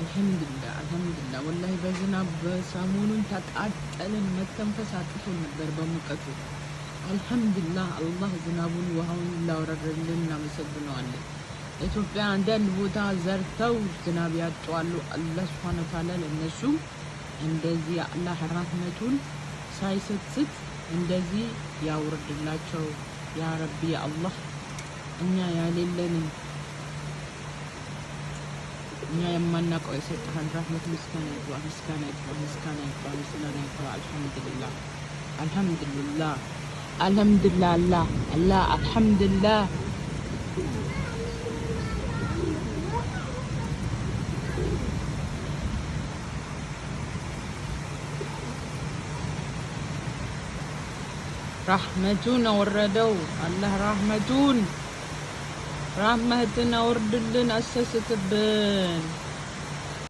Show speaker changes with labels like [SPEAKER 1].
[SPEAKER 1] አልሐምዱሊላህ አልሐምዱሊላህ ወላሂ በዝናብ በሰሞኑን ተቃጠልን። መተንፈስ አጥቶን ነበር በሙቀቱ። አልሐምዱሊላህ አላህ ዝናቡን ውሃውን ላወረረልን እናመሰግነዋለን። ኢትዮጵያ አንዳንድ ቦታ ዘርተው ዝናብ ያጠዋሉ። አላህ ሱብሓነሁ ወተዓላ ለእነሱ እንደዚህ አላህ ራህመቱን ሳይሰስት እንደዚህ ያውርድላቸው። ያ ረቢ አላህ እኛ ያሌለንን እኛ የማናውቀው የሰጠህን ራህመት ምስጋና ይግባ፣ ምስጋና ይግባ፣ ምስጋና ይግባ፣ ምስጋና ይግባ። አልሐምዱልላ፣ አልሐምዱልላ፣ አልሐምዱላ፣ አላ አላ አልሐምዱላ። ራህመቱን አወረደው አላህ ራህመቱን ራህመትን አውርድልን፣ አሰስትብን።